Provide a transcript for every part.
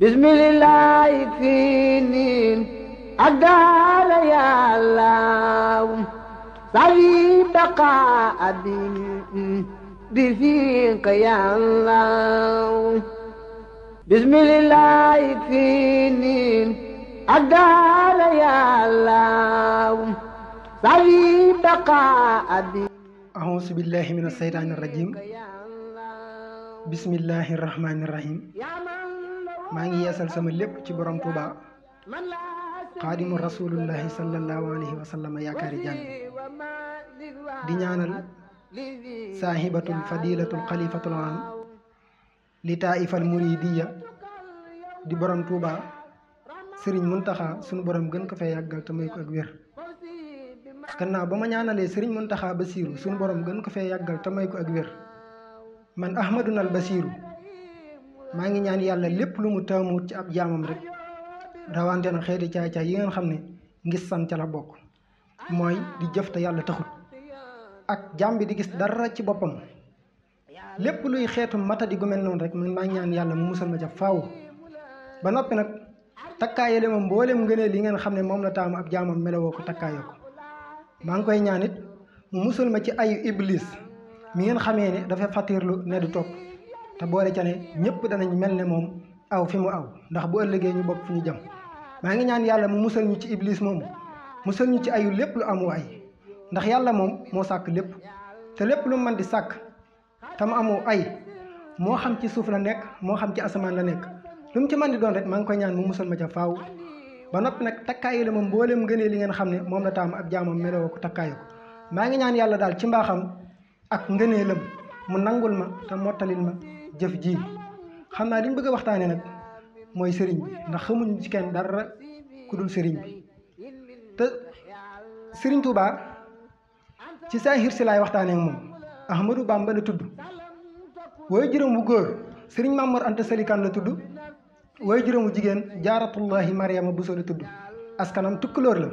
bismillah fii niin ak daala yàllaaw sawi baqa abin bi fiika yàllaaw bismillah fii niin ak daala yàllaaw sawi baqa abin أعوذ بالله من الشيطان الرجيم بسم الله الرحمن الرحيم maa ngi yeesal sama lépp ci borom Tuuba xaadimu rasulullahi sallallahu alayhi wa sallam yaakaari jàng di ñaanal saahibatul fadilatul xalifatul am li taaifal muridiya di borom Tuuba sëriñ Muntaxa sunu borom gën ko fee yàggal te may ko ak wér gannaaw ba ma ñaanalee sëriñ Muntaxa Basiiru sunu borom gën ko fee yàggal te ak wér man Ahmadunal Basiiru maa ngi ñaan yàlla lépp lu mu taamuut ci ab jaamam rek rawante na xeeti caay yi ngeen xam ne ngis san ca bokk mooy di jëf te yàlla taxut ak jaam bi di gis dara ci boppam lépp luy xeetu matadi di mel noonu rek man maa ngi ñaan yàlla mu musal ma ca faw ba noppi nag takkaayale moom mboolem ngëneel yi ngeen xam ne moom la taamu ab jaamam melowoo ko takkaayoo ko maa ngi koy ñaanit it mu musal ma ci ayu iblis mi ngeen xamee ne dafa fàttirlu ne du topp te boole ca ne ñëpp danañ mel ne moom aw fi mu aw ndax bu ëllëgee ñu bokk fu ñu jam maa ngi ñaan yàlla mu musal ñu ci iblis moomu musal ñu ci ayu lépp lu amu ay ndax yàlla moom moo sàkk lépp te lépp lu mën di sàkk te mu amu ay moo xam ci suuf la nekk moo xam ci asamaan la nekk lu mu ci mën di doon rek maa ngi koy ñaan mu musal ma ca faaw ba noppi nag takkaayu la moom mbooleem gënee li ngeen xam ne moom la taamu ab jaamam meloo ko takkaayu ko ngi ñaan yàlla daal ci mbaaxam ak ngëneelam mu nangul ma te jëf ji xam naa li ñu bëgg a nag mooy sëriñ bi ndax xamuñu ci kenn dara ku dul sëriñ bi te sëriñ Touba ci saahir si lay waxtaanee ak moom Ahmadou Bamba la tudd waaye juróom bu góor sëriñ Mamour Anta Sali Kane la tudd waaye juróom bu jigéen jaaratullahi Mariama Bousso la tudd askanam tukkulóor la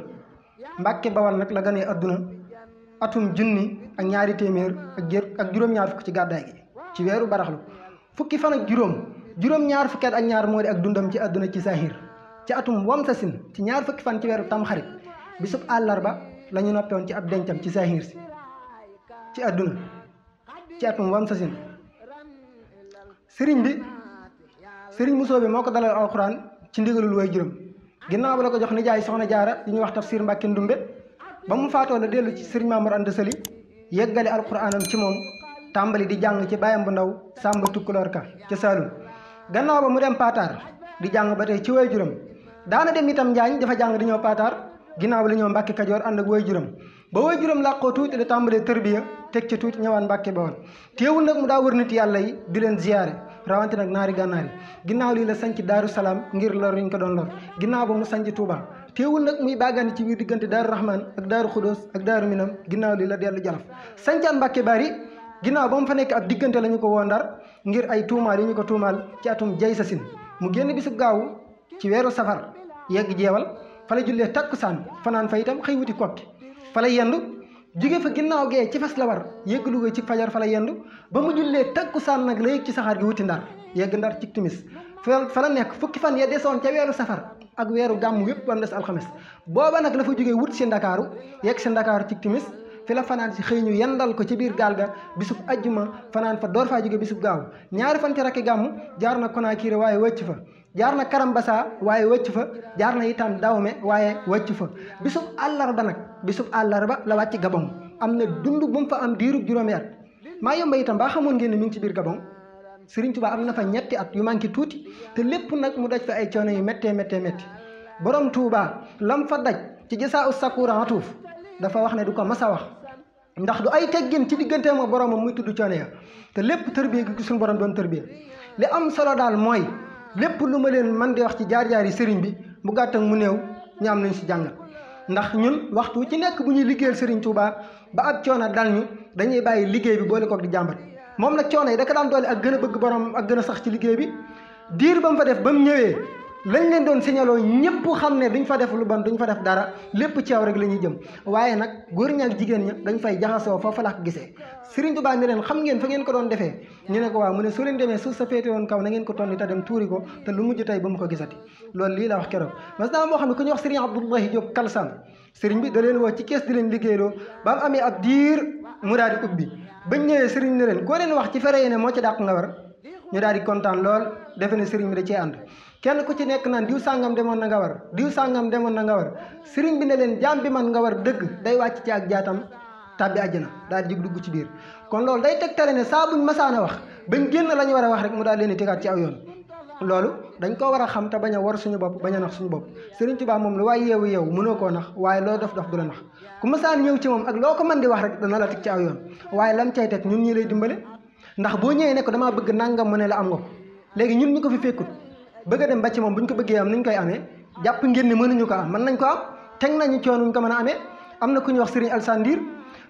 Mbàkke Bawal nag la ganee adduna atum junni ak ñaari téeméer ak ak juróom-ñaar fukk ci gàddaay gi ci weeru baraxlu fukki fan ak juróom juróom ñaar fukki ak ñaar moo di ak dundam ci àdduna ci saaxiir ci atum wamsasin ci ñaar fukki fan ci weeru tamxarit bisub àllarba la ñu noppewoon ci ab dencam ci saaxiir si ci àdduna ci atum wamsasin sëriñ bi sëriñ bi moo ko dalal alxuraan ci ndigalul way juróom ginnaaw ba la ko jox nijaay soxna jaara yi ñuy wax tafsir Mbàkke Ndumbe ba mu faatoo la dellu ci sëriñ Maamor Anta Sali yeggale alxuraanam ci moom tàmbali di jàng ci baayam bu ndaw Sàmba Tukkuloor Ka ca Saalum gannaaw ba mu dem Paataar di jàng ba tey ci waajuram daana dem itam Njaañ dafa jàng di ñëw Paataar ginnaaw bi la ñëw Mbàkke Kajoor ànd ak waajuram ba waajuram làqoo tuuti da tàmbalee tërbiya teg ci tuuti ñëwaan Mbàkke Bawol teewul nag mu daa wër nit yàlla yi di leen ziyaare rawante nag naari gànnaar yi ginnaaw lii la sanc daaru salaam ngir lor ñu ko doon lor ginnaaw ba mu sanc Touba teewul nag muy bàggaan ci biir diggante daaru Rahman ak daaru Xudóos ak daaru Minam ginnaaw lii la dellu Jolof sancaat Mbàkke Bari ginnaaw ba mu fa nekk ab diggante lañu ko woo ndar ngir ay tuumaal yi ñu ko tuumaal ci atum jay sasin mu génn bisu gaawu ci weeru safar yegg jeewal fala jullee takkusaan fanaan fa itam xëy wuti kokki fala yendu jóge fa ginnaaw gee ci fas la war yegg Louga ci fajar fala yendu ba mu jullee takkusaan nag la ci saxaar gi wuti ndar yegg ndar ci timis fa la nekk fukki fan ya desoon ca weeru safar ak weeru gàmm yëpp ba mu des alxames booba nag la jógee wut si ndakaaru yegg si ndakaaru ci timis fi la fanaan si xëy ñu yendal ko ci biir gaal ga bisub ajjuma fanaan fa door faa jóge bisub gaaw ñaari fan ci rakki jaar na Konaakiri waaye wëcc fa jaar na Karambasa waaye wëcc fa jaar na itam Dawme waaye wëcc fa bisub àllarba nag bisub àllarba la wàcc Gabon am na dund bu mu fa am diirub juróomi at maa yomba itam baa xamoon ngeen ne mi ngi ci biir Gabon Sëriñ ba am na fa ñetti at yu manqué tuuti te lépp nag mu daj fa ay coono yu méttee méttee métti borom Tuubaa lam fa daj ci jësaa u sakura tuuf dafa wax ne du ko mas a wax ndax du ay teggin ci diggante ma boromam muy tudd coono ya te lépp tërbiya gi suñu borom doon tërbiya li am solo daal mooy lépp lu ma leen man di wax ci jaar-jaar yi sëriñ bi mu gàtt mu néew ñu am nañ si jàngal ndax ñun waxtu ci nekk bu ñuy liggéeyal sëriñ Tuubaa ba ab coono dal ñu dañuy bàyyi liggéey bi boole kook di jàmbat moom nag coono yi da daan doole ak gën a bëgg borom ak gën a sax ci liggéey bi diir ba mu fa def ba mu ñëwee lañ leen doon signaloo ñëpp xam ne duñ fa def lu bon duñ fa def dara lépp ceew rek la jëm waaye nag góor ña jigéen ña dañ fay jaxasoo fa falax gisee Sëriñ Tuubaa ni leen xam ngeen fa ngeen ko doon defee ñu ne ko waaw mu ne soo leen demee suuf sa féete woon kaw na ngeen ko tonni te dem tuuri ko te lu mujj tey ba mu ko gisati loolu lii la wax keroog mas naa moo xam ne ku ñuy wax Sëriñ Abdoulahi Diop Kalsam bi da leen woo ci kees di leen liggéeyloo ba mu amee ab mu daal ubbi bañ ñëwee sëriñ ne leen koo leen wax ci fere yi ne moo ci dàq nga war ñu daal di kontaan lool defe ne sëriñ bi da cee kenn ku ci nekk naan diw sàngam demoon na nga war diw sàngam demoon na nga war sëriñ bi ne leen jaam bi man nga war dëgg day wàcc ci ak jaatam tàbbi àjjana daal di dugg ci biir kon loolu day teg tegtale ne saa buñ masaan a wax bañ génn la ñu war a wax rek mu daal leen di ci aw yoon loolu dañ ko war a xam te bañ a war suñu bopp bañ a nax suñu bopp Sëriñ Tuubaa moom lu waaye yeewu yeewu mënoo koo nax waaye loo dof dof du la nax ku masaan ñëw ci moom ak loo ko mën di wax rek dana la teg ci aw yoon waaye lam cay teg ñun ñi lay dimbale ndax boo ñëwee ne ko damaa bëgg nangam mu ne la am nga ñun ñu ko fi fekkut bëgg a dem ba ci moom bu ñu ko bëggee am ni ñu koy amee jàpp ngeen ne mënuñu ko am mën nañ ko am teg nañu coon ñu ko mën a amee am na ku ñuy wax Serigne Alassane Ndir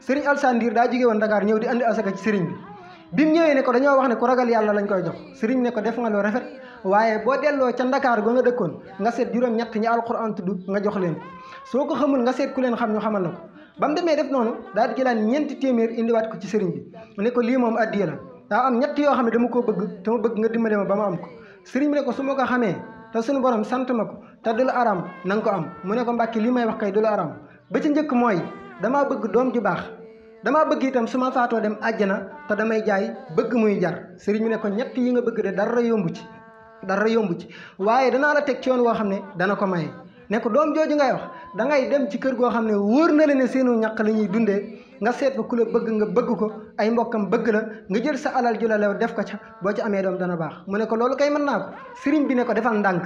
Serigne Alassane Ndir daa jóge woon Dakar ñëw di andi asaka ci i bi bi mu ñëwee ne ko dañoo wax ne ku ragal yàlla lañ koy jox Serigne ne ko def nga loo rafet boo delloo ca Ndakaar ba nga dëkkoon nga seet juróom ñett ñi alxuraan tudd nga jox leen ko soo xamul nga seet ku leen xam ñu xamal la ko ba mu def noonu daal di jëlaat téeméer indiwaat ko ci Serigne bi mu ne ko lii moom addiya la daa am ñett yoo xam ne dama koo bëgg dama bëgg nga dimbale ba ma am ko sëriñ bi ne ko su ma ko xamee te suñu borom sant ma ko te du la araam na nga ko am mu ne ko mbàkki li may wax kay du la araam ba ci njëkk mooy damaa bëgg doom ju baax damaa bëgg itam su ma faatoo dem na te damay jaay bëgg muy jar sëriñ bi ne ko ñett yi nga bëgg de dara yombu ci dara yombu ci waaye danaa la teg ci yoon woo xam ne dana ko maye ne ko doom jooju ngay wax da ngay dem ci kër goo xam ne wóor na la ne seenu ñaq la ñuy dundee nga seet fa ku la bëgg nga bëgg ko ay mbokkam bëgg la nga jël sa alal ju la lew def ko ca boo ci amee doom dana baax mu ne ko loolu kay mën naa ko sëriñ bi ne ko defal ndànk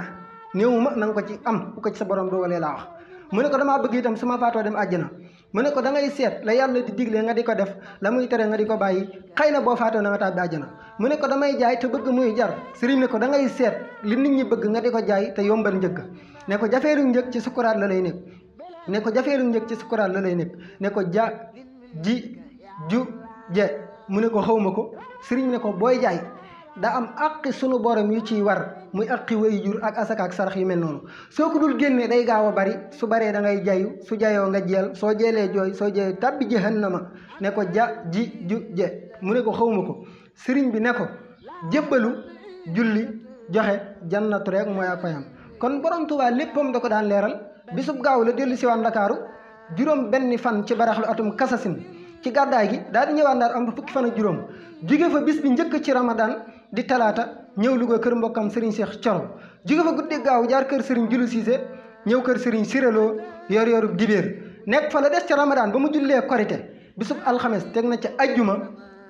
néewuma na nga ko ci am bu ko ci sa borom doogalee laa mu ne ko damaa bëgg itam su ma faatoo dem àjjana mu ne ko da ngay seet la yàlla di digle nga di ko def la muy tere nga di ko bàyyi xëy na boo faatoo na nga tàbbi àjjana mu ne ko damay jaay te bëgg muy jar sëriñ ne ko da ngay seet li nit ñi bëgg nga di ko jaay te yombal njëkk ne ko jafeeru njëkk ci sukuraat la lay nekk ne ko jafeeru njëkk ci sukuraat la lay nekk ne ko ja ji ju je mu ne ko xawma ko sëriñ ne ko booy jaay daa am àqi sunu borom yu ciy war muy àqi way jur ak asaka ak sarax yu mel noonu soo ko dul génnee day a bari su baree da ngay jayu su jayoo nga jeel soo jeelee jooy soo jeeyu tàbbi jahannama ne ko ja ji ju je mu ne ko xawma ko sëriñ bi ne ko jébbalu julli joxe jannatu rek mooy ak fayam kon borom Tuubaa léppam da ko daan leeral bisub gaaw la dellu si waan Ndakaaru juróom benn fan ci baraxlu atum kasasin ci gàddaay gi daal di ñëwaat Ndar am fukki fan ak juróom juge fa bis bi njëkk ci ramadan di talaata ñëw Louga kër mbokkam Serigne Cheikh Thioro jóge fa guddi gaaw jaar kër Serigne Julu Cissé ñëw kër sëriñ Siréloo yor yorub dibéer nekk fa la des ci ramadan ba mu jullee korite bisub alxames teg na ci ajjuma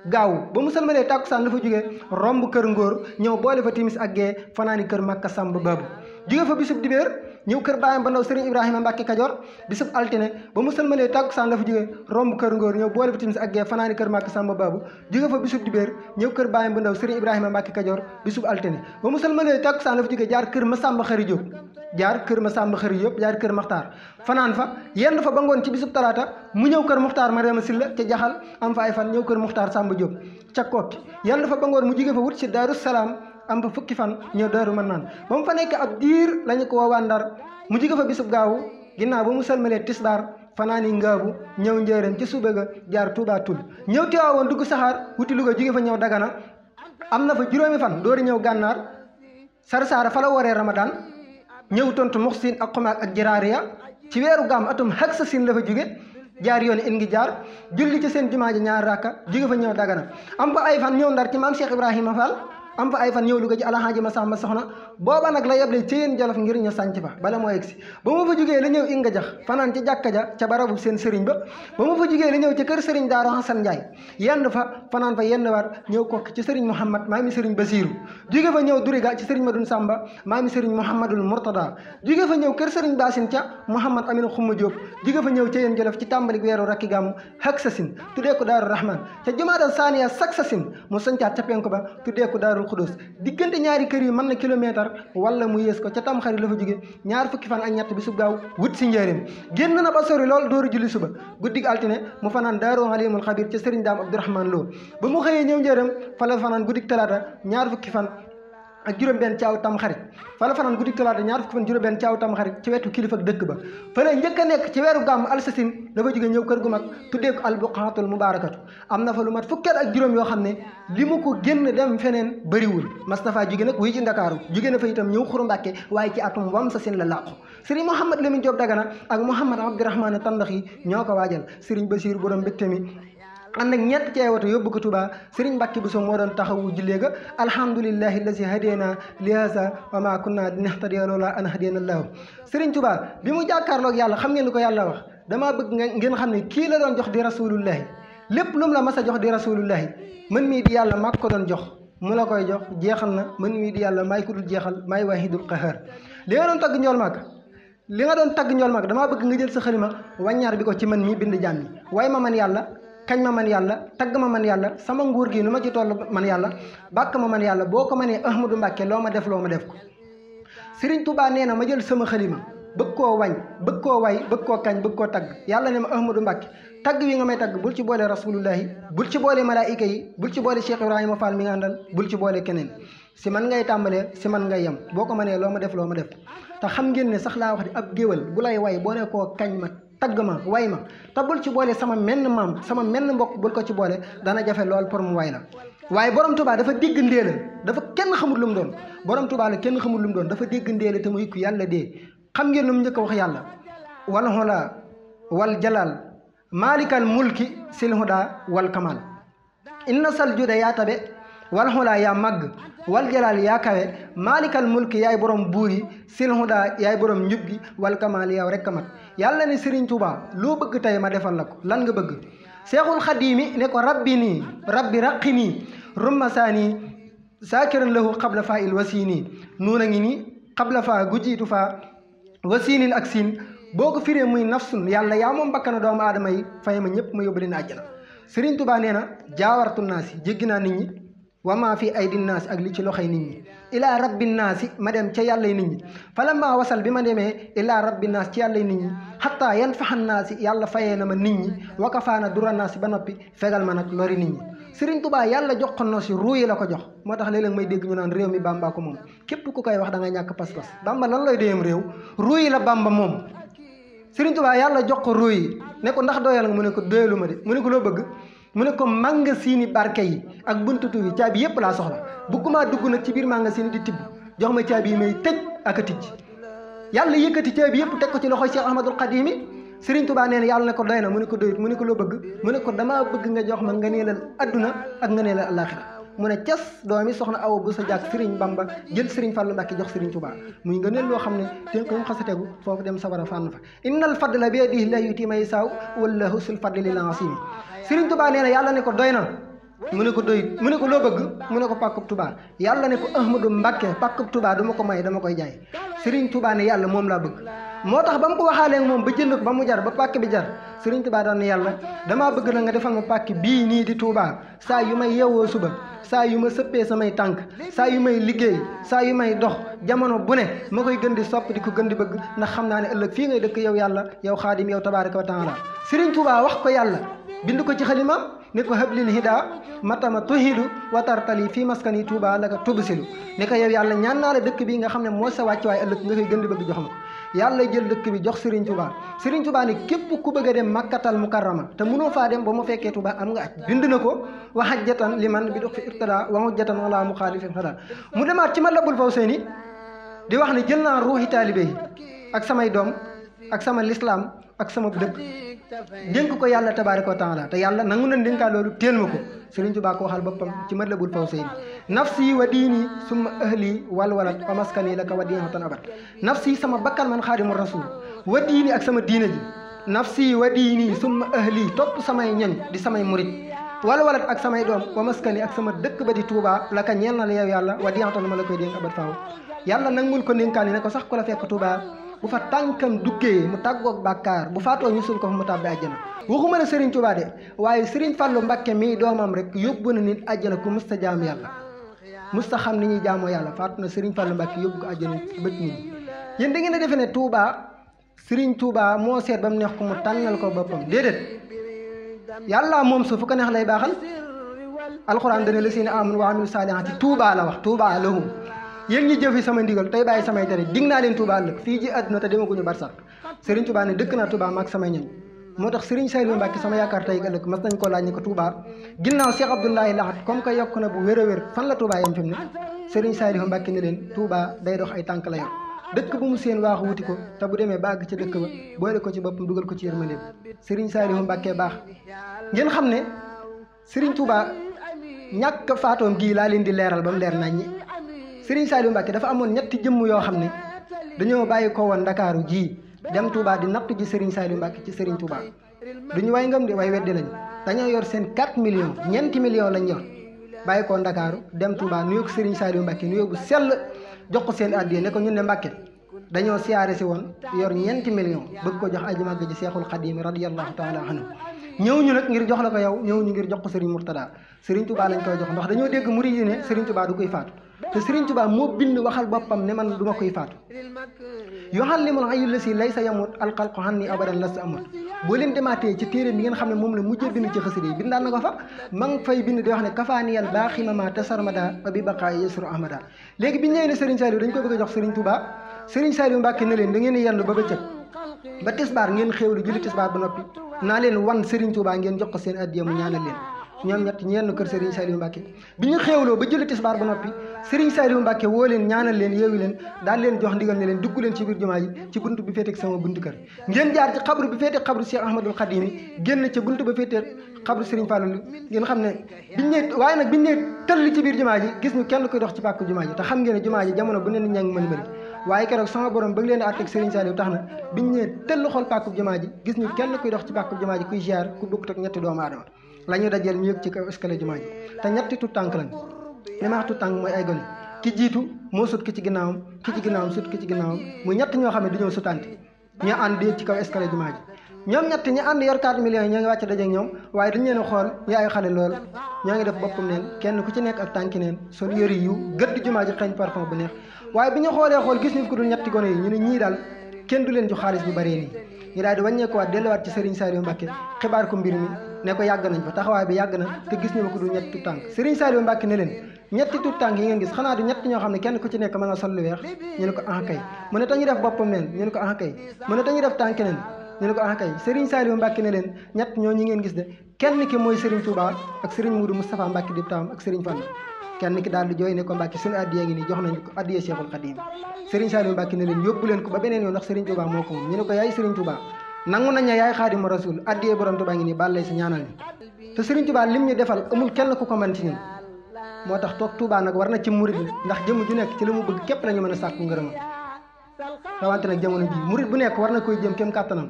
gaaw ba mu salmalee tàkkusaan dafa jóge romb kër ngoor ñëw boole fa timis ak gee fanaani kër Makka Samb Babu ñëw kër baayam ba ndaw sëriñ ibrahima mbàkke kajoor bisub altine ba mu sëlmalee tàkkusaan la fa jógee romb kër ngóor ñëw boole fa timis ak gee fanaani kër màkk sàmba baabu jóge fa bisub dibéer ñëw kër baayam ba ndaw sëriñ ibrahima mbàkke kajoor bisub altine ba mu sëlmalee tàkkusaan la fa jógee jaar kër ma sàmba xari jóob jaar kër ma sàmba xari jóob jaar kër maxtaar fanaan fa yenn fa ba ngoon ci bisub talaata mu ñëw kër muxtaar mariama silla ca jaxal am fa ay fan ñëw kër muxtaar sàmba jóob ca kokki yenn fa ba ngoon mu jóge fa wut ci daaru salaam am ba fukki fan ñëw daaru mën naan ba mu fa nekk ab diir la ñu ko woowaa ndar mu jóge fa bisub gaawu ginnaaw ba mu sëlmalee tisbaar fanaani ngaabu ñëw njëreem ci suba ga jaar Touba Toul ñëw Tiwaawoon dugg saxaar wuti Louga jóge fa ñëw Dagana am na fa juróomi fan doori ñëw gànnaar sarsaara fa la waree Ramadan ñëw tontu muxsin ak xumaak ak jiraariya ci weeru gaam atum xag sa siin la fa jóge jaar yoon in ngi jaar julli ci seen jumaa ji ñaar rakka jóge fa ñëw Dagana am ba ay fan ñëw ndar ci maam Cheikh Ibrahima Fall am fa ay fan ñëw Louga ci alxaaji ma sax ma soxna booba nag la yeble ci yéen jolof ngir ñu sànc fa bala moo yegg si ba ma fa jugee la ñëw inga jax fanaan ci jàkka ja ca barabu seen sëriñ ba ba ma fa jugee la ñëw ci kër sëriñ daaro xasan njaay yenn fa fanaan fa yenn waat ñëw kokk ci sëriñ mouhamad maa mi sëriñ basiru jóge fa ñëw duriga ci sëriñ madun sàmba maa mi sëriñ mouhamadul mourtada jóge fa ñëw kër sëriñ baasin ca mouhamad amina xumma diop jóge fa ñëw ci yéen jolof ci tàmbali weeru rakki gàmmu hak sasin tuddee ko daaru rahman ca jumaadal saaniya sak sasin mu sancaat ca penku ba tuddee ko daaru daarul xudóos diggante ñaari kër yi mën na kilomètre wala mu yées ko ca tamxarit la fa jóge ñaar fukki fan a ñett bi sub gaaw wut si njëriñ génn na ba sori lool dooru julli suba guddig altine mu fanaan daaru alimul xabir ca sëriñ daam abdourahman ba mu xëyee ñëw njëriñ fa fanaan guddig talaata ñaar fukki fan ak juróom-benn ci aw tamxarit fa la fanaan guddi a ñaar fukki fan juróom-benn ci aw tamxarit ci wetu kilifa ak dëkk ba fa la njëkk a nekk ci weeru gàmm alsasin dafa jóge ñëw kër gu mag tuddee ko na fa lu mat fukki ak juróom yoo xam ne li ko génn dem feneen bariwul mas na faa jóge nag wuy ci ndakaaru jóge na fa itam ñëw xuru mbàkke waaye ci atum wam sa sin la làqu sëriñ mouhamad Lamine Diop Dagana ak mouhamad abdourahmane tandax yi ñoo ko waajal sëriñ basiir borom mbégte mi ànd ak ñett ci ay woto yóbbu ko Touba Serigne bu Bousso moo doon taxawu jullee ga alhamdulillahi allazi hadina li hasa wa ma kunna linahtadiya lawla an hadina allahu Serigne Touba bi mu jàkkaarloog yàlla xam ngeen ni ko yàlla wax damaa bëgg nga ngeen xam ne kii la doon jox di rasulullahi lépp lu la mas a jox di rasulullahi mën mii di yàlla mag ko jox mu la koy jox jeexal na mën mii di yàlla maay ku dul jeexal maay wahidul qahar li nga doon tagg njool mag li nga doon tagg njool mag damaa bëgg nga jël sa xalima wàññaar bi ko ci man mii bind jàmm yi waaye ma man yàlla kañ ma man yàlla tagg ma man yàlla sama nguur gi nu ma ci toll man yàlla bàkk ma man yàlla boo ko mënee Ahmadou Mbàkke loo ma def loo ma def ko Sëriñ Tuubaa nee na ma jël sama xalima bëgg koo wañ bëgg koo way bëgg koo kañ bëgg koo tagg yàlla ne ma Ahmadou Mbàkke tagg wi nga may tagg bul ci boole rasulullahi bul ci boole malaayika yi bul ci boole Cheikh Ibrahima Fall mi nga àndal bul ci boole keneen si man ngay tàmbalee si man ngay yem boo ko mënee loo ma def loo ma def te xam ngeen ne sax laa tagg ma way ma te bul ci boole sama menn maam sama menn mbokk bul ko ci boole dana jafe lool pour mu way la waaye borom tubaa dafa dégg ndéela dafa kenn xamul lu mu doon borom tubaa la kenn xamul lu doon dafa dégg ndéela te muy ku yàlla dee xam ngeen lu mu njëkk wax yàlla wal xola wal jalal maalikal mulki silhuda wal kamal inna sal juda yaa tabe wal xulaa yaa màgg wal jalaal yaa kawe maalikal mulki yaay borom buur yi sil xudaa yaay borom njub gi wal kamaal yow rek a mat yàlla ne Serigne Touba loo bëgg tey ma defal la ko lan nga bëgg. seexul xadiimi ne ko rabbi nii rabbi raqi nii rumma saa nii saakiran lahu xabla faa il wasii nii nuuna ngi nii xabla faa gujiitu faa wasiinin ak siin boo ko firee muy nafsun yàlla yaa moom bakkana doomu aadama yi fay ma ñëpp ma yóbbu leen àjjana Serigne Touba nee na jaawartu naa si jéggi naa nit wa maa fi aydi naasi ak li ci loxoy nit ñi ilaa rabbi naasi ma dem ca yàllay nit ñi falamma wasal bi ma demee ilaa rabbi naas ci yàllay nit ñi xataa yan faxan naasi yàlla fayee na ma nit ñi wakafaana dura naasi ba noppi fegal ma nag lori nit ñi Sëriñ Tuubaa yàlla jox ko noosi ruuyi la ko jox moo tax léeg-léeg may dégg ñu naan réew mi Bàmba ko moom képp ku koy wax da nga ñàkk pas-pas Bàmba lan lay déyam réew ruuyi la Bàmba moom Sëriñ Tuubaa yàlla jox ko ruuyi ne ko ndax doyal nga mu ne ko doyalu ma de mu ne loo bëgg mu ne ko siini barke yi ak buntutu tuub yi caabi yëpp laa soxla bu kuma dugg na ci biir magasin di tibb jox ma caabi yi may tëj ak a tijj yàlla yëkkati caabi yëpp teg ko ci loxoy Cheikh Ahmadul Xadim Sëriñ Tuubaa nee na yàlla ne ko doy na mu ne ko doyut mu ne ko loo bëgg mu ne ko damaa bëgg nga jox ma nga neelal adduna ak nga neelal àllaaxira mu ne cas doomi soxna awa bu sa jàkk Serigne Bamba jël Serigne Fallou Mbacké jox Serigne Touba muy ngëneel loo xam ne tënk yu mu xasategu foofu dem sawar a fànn fa innal fadla bi yadihi la yuti may saaw wallahu sul fadli lil asim Serigne Touba nee yàlla ne ko doy na mu ne ko doy mu ne ko loo bëgg mu yàlla ne ko Ahmadu Mbàkke pàkkub Touba du ma ko may dama koy jaay Serigne Touba ne yàlla moom laa bëgg moo tax ba mu ko waxaalee moom ba jënd ko ba mu jar ba pàkk bi jar Serigne Touba daan yàlla damaa bëgg na nga defal ma pàkk bii nii di Touba saa yu may yeewoo suba saa yu ma sëppee samay tànk saa yu may liggéey saa yu may dox jamono bu ne ma koy gën di sopp di ko gën di bëgg na xam naa ne ëllëg fii ngay dëkk yow yàlla yow xaadim yow tabaaraka wa taala Serigne Touba ni ko hablil hida matama tuhilu watartali fii maskani tuuba laka tubsilu ni ko yow yàlla ñaan naa la dëkk bi nga xam ne moo sa wàcc waaye ëllëg nga koy gën di bëgg jox ma ko yàlla jël dëkk bi jox Serigne Touba Serigne Touba ni képp ku bëgg a dem makkatal mukarrama te mënoo faa dem ba mu fekkee Touba am nga aj na ko wa hajjatan liman bi dox fi irtada wa hujjatan wala muxaalifin xada mu demaat ci ma labul faw seeni di wax ne jël naa ruuxi taalibe yi ak samay doom ak sama lislaam ak sama dëkk dénk ko yàlla tabaaraka wa taala te yàlla nangu na dénkaa loolu téel ma ko Sëriñ Tuubaa ko waxal boppam ci Matlabul Fawzayni nafsi wa diini summa ahli wal wa maskani laka wa diina tan abat nafsi sama bakkan man xaadimu rasul wa diini ak sama diina ji nafsi wa diini summa ahli topp samay ñoñ di samay murit wala ak samay doom wa maskani ak sama dëkk ba di Touba la ka ñeel na la yàlla wa diyantoon ma la koy dénk abat faaw yàlla nangul bu fa tànkam duggee mu tàggoog bàkkaar bu faatoo ñu sul ko fa mu tàbbi àjjana waxuma la Serigne Touba de waaye Serigne Fallou Mbakke mii doomam rek yóbbu na nit àjjana ku musta jaam yàlla musta xam ni ñuy jaamoo yàlla faatu na Serigne Fallou Mbakke yóbbu ko àjjana bëcc nit ñi da ngeen a defe ne Touba Serigne Touba moo seet ba mu neex ko mu tànnal ko boppam déedéet yàlla moom su fu ko neex lay baaxal alxuraan dana la seen waa wa amilu saalihaati Touba la wax tuubaa la lahum yéen ñi jëfi sama ndigal tey bàyyi samay tere dig naa leen Touba ëllëg fii ji àdduna te demaguñu barsax Serigne Touba ne dëkk naa Touba maag samay ñoñ moo tax Serigne Saliou Mbacke sama yaakaar tey ëllëg mas nañ ko laaj ne ko Touba ginnaaw Cheikh Abdoulaye Lahat comme que yokk na bu wér a wér fan la Touba yam fi mu ne Serigne Saliou Mbacke ne leen Touba day dox ay tànk la yor dëkk bu mu seen waaxu wuti ko te bu demee bàgg ca dëkk ba boole ko ci boppam dugal ko ci yërmandeem Serigne Saliou Mbacke baax ngeen xam ne Serigne Touba ñàkk faatoom gii laa leen di leeral ba mu leer nañ ñi Serigne Saliou Mbacke dafa amoon ñetti jëmm yoo xam ne dañoo bàyyi woon ndakaaru ji dem Touba di nattu ji Serigne Saliou Mbacke ci Serigne Touba duñu way ngëm di way weddi dañoo yor seen 4 millions ñeenti millions lañ yor bàyyi ko ndakaaru dem Touba nuyu ko Serigne Saliou Mbacke nuyu bu sell jox ko seen addiya ne ko ñun ne Mbacke dañoo siyaare si woon yor ñeenti millions bëgg ko jox aji màgg ji Seexul Xadiim radiyallahu taala anhu ñëw ñu nag ngir jox la ko yow ñëw ñu ngir jox ko Serigne Mourtada Serigne Touba lañ koy jox ndax dañoo dégg murid ne Serigne Touba du koy faatu te Serigne Touba moo bind waxal boppam ne man du ma koy faatu yuhallimul hayyul lasi laysa yamut alxalqu anni abadan lasta amut boo leen demaatee ci téere bi ngeen xam ne moom la mujjee bind ci xasida yi bindaan na o fa ma fay bind di wax ne kafaaniyal baaxima ma tasarmada wa bi baqaay yasru ahmada léegi bi ñëwee ne Serigne Saliou dañ ko bëgg a jox Serigne Touba Serigne Saliou Mbàkke ne leen da ngeen di yendu ba bëccëg ba tisbaar ngeen xéewlu julli tisbaar ba noppi naa leen wan ngeen jox ko seen addiya mu ñoom ñett ñeent kër Serigne Saliou Mbacke bi ñu xéewloo ba julli tisbaar ba noppi Serigne Saliou Mbacke woo leen ñaanal leen yeewu leen daal leen jox ndigal ne leen dugg leen ci biir jumaa ji ci bunt bi féete sama buntu kër ngeen jaar ci xabru bi féete xabru Cheikh Ahmadul Xadim bunt ba féete xabru Serigne ngeen xam ne biñ ne waaye nag biñ ne tëll ci biir jumaa ji gis ñu kenn koy dox ci pàkk jumaa ji te xam ngeen ne jumaa ji jamono bu neen ñaa ngi mën bëri waaye keroog sama borom bëgg leen a àtt ji gis kenn koy dox ci pàkk jumaa ji kuy ziar la ñu dajeel ñu yëg ci kaw escalier jumaa ji te ñetti tu tànk lañ li tu tànk mooy ay gone ki jiitu moo sut ki ci ginnaawam ki ci ginnaawam sut ci ginnaawam mu ñett ñoo xam ne dañoo sutante ñoo ànd di yëg ci kaw escalier jumaa ji ñoom ñett ñi ànd yor 4 million yi ñoo ngi wàcc dajeeg ñoom waaye dañu leen a xool ñu ay xale lool ñoo ngi def boppam neen kenn ku ci nekk ak tànki neen sol yëri yu gëdd jumaa ji xeeñ parfum bu neex waaye bi ñu xoolee xool gis ñu ko dul ñetti gone yi ñu ne ñii daal kenn du leen ju xaalis bu bare nii ñu daal di wàññeekuwaat delluwaat ci Serigne Saliou Mbacké xibaar ko mbir ne yàgg nañ fa taxawaay bi yàgg na te gis ñu ma ko du ñetti tut tànk Serigne Saliou Mbacke ne leen ñetti tut tànk yi ngeen gis xanaa du ñett ñoo xam ne kenn ku ci nekk mën a sol lu weex ñu ne ko ah kay mu tañu def boppam neen ñu ne ko ah kay mu tañu def tànk neen ñu ne ko ah kay Serigne Saliou Mbacke ne leen ñett ñoo ñi ngeen gis de kenn ki mooy Serigne Touba ak Serigne Moudou Moustapha Mbacke di taam ak Serigne Fall kenn ki daal di jooy ne ko nangu nañ ne yaay xaadimu rasul addiyee borom Tuubaa ngi nii baal lay si ñaanal ni te Sëriñ Tuubaa lim ñu defal amul kenn ku ko mën ci ñun moo tax toog Tuubaa nag war na ci murit ndax nekk ci li mu bëgg képp lañu mën a sàkku ngërëm rawante nag jamono ji murit bu nekk war na koy jëm kem kàttanam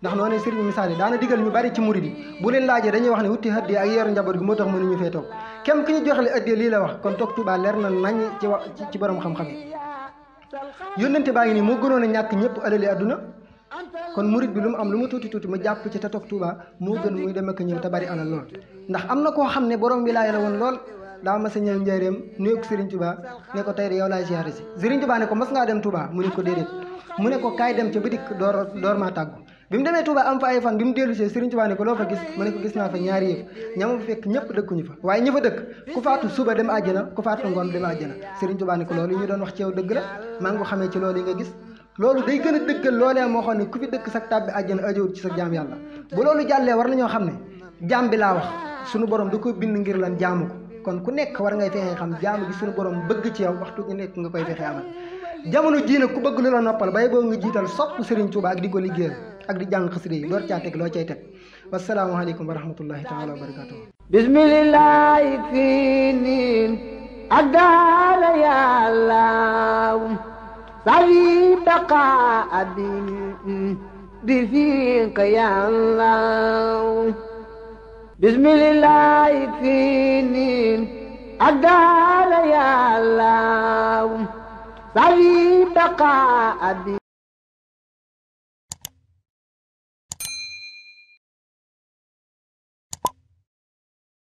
ndax noonu sëriñ misaal yi daana digal ñu bari ci murit yi bu leen laajee dañuy wax ne wuti addiya ak yeeru njaboot gi moo tax mënuñu fee toog kem ki ñu joxle addiya lii la wax kon toog Tuubaa leer na nañ ci borom xam-xam yónnante baa kon murit bi lu mu am lu mu tuuti tuuti mu jàpp ci te toog Touba gën muy dem ak ñëw te bari alal lool ndax am na koo xam ne borom wilaaya la woon lool daa mas a ñëw njëriñam nuyu ko Serigne Touba ne ko tey de yow ko mu ne ko déedéet mu ne ko kaay dem dellu see Serigne Touba ne ko loo fa gis mu fa waaye ñi fa dëkk ku faatu suba dem àjjana ku faatu ngoon dem àjjana Serigne Touba ne ko loolu yi ñu doon wax ci yow la maa ko xamee ci loolu nga gis loolu day gën a dëggal loolee moo ne ku fi dëkk sa tàbbi àjjana ajowut ci sa jaam yàlla bu loolu jàllee war nañoo xam ne jaam bi laa wax sunu borom da ko bind ngir lan jaamu ko kon ku nekk war ngay fexe xam jaamu gi suñu borom bëgg ci yow waxtu gi nekk nga koy fexe amal jamono jii nag ku bëgg lu la noppal bay boo nga jiital sopp Serigne Touba ak di ko liggéeyal ak di jàng xasida yi door caa teg loo cay teg wasalaamualeykum wa rahmatullahi taala wa barakatuh bismillahi fii niin ak daala yàlla ففي بقاء بفيك يا الله بسم الله يكفيني أقال يا الله ففي بقاء